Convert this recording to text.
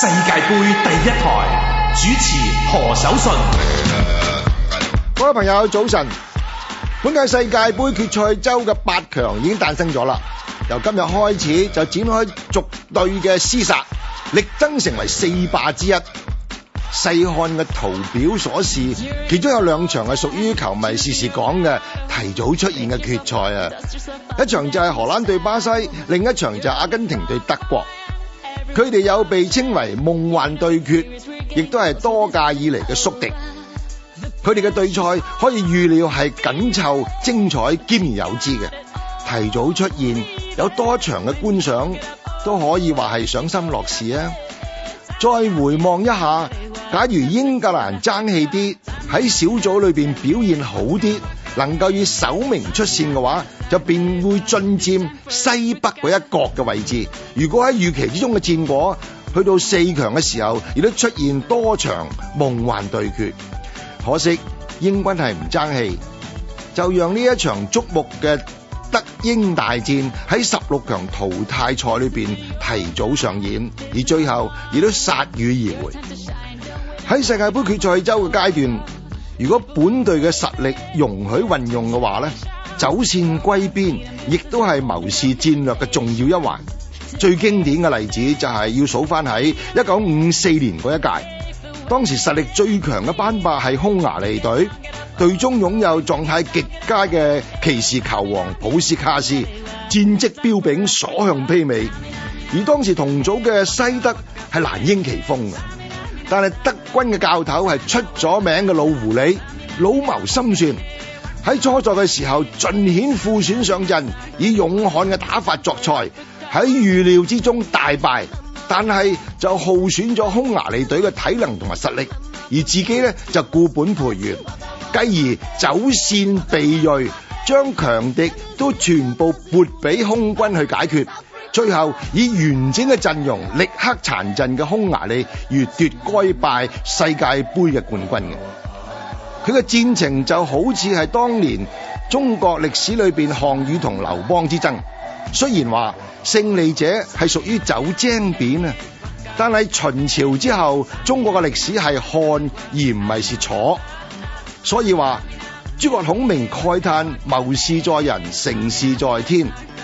世界盃第一台主持何守信，各位 朋友早晨。本屆世界盃決賽周嘅八強已經誕生咗啦，由今日開始就展開逐對嘅廝殺，力爭成為四霸之一。細看嘅圖表所示，其中有兩場係屬於球迷時時講嘅提早出現嘅決賽啊，一場就係荷蘭對巴西，另一場就係阿根廷對德國。佢哋有被稱為夢幻對決，亦都係多屆以嚟嘅宿敵。佢哋嘅對賽可以預料係緊湊、精彩兼而有之嘅，提早出現有多場嘅觀賞都可以話係賞心樂事啊！再回望一下，假如英格蘭爭氣啲，喺小組裏面表現好啲。能夠以首名出線嘅話，就便會進占西北嗰一角嘅位置。如果喺預期之中嘅戰果，去到四強嘅時候，亦都出現多場夢幻對決。可惜英軍係唔爭氣，就讓呢一場矚目嘅德英大戰喺十六強淘汰賽裏邊提早上演，而最後亦都鎩羽而回。喺世界杯決賽周嘅階段。如果本隊嘅實力容許運用嘅話咧，走線歸邊，亦都係謀事戰略嘅重要一環。最經典嘅例子就係要數翻喺一九五四年嗰一屆，當時實力最強嘅班霸係匈牙利隊，隊中擁有狀態極佳嘅騎士球王普斯卡斯，戰績彪炳，所向披靡。而當時同組嘅西德係難攖其鋒嘅。但係德軍嘅教頭係出咗名嘅老狐狸，老謀深算。喺初賽嘅時候盡顯副選上陣，以勇悍嘅打法作賽，喺預料之中大敗。但係就耗損咗匈牙利隊嘅體能同埋實力，而自己咧就固本培元，繼而走線避銳，將強敵都全部撥俾空軍去解決。最後以完整嘅陣容，力克殘陣嘅匈牙利，越奪該拜世界杯嘅冠軍嘅。佢嘅戰情就好似係當年中國歷史裏邊項羽同劉邦之爭。雖然話勝利者係屬於走精扁啊，但喺秦朝之後，中國嘅歷史係漢而唔係是，是楚。所以話諸葛孔明慨嘆：謀事在人，成事在天。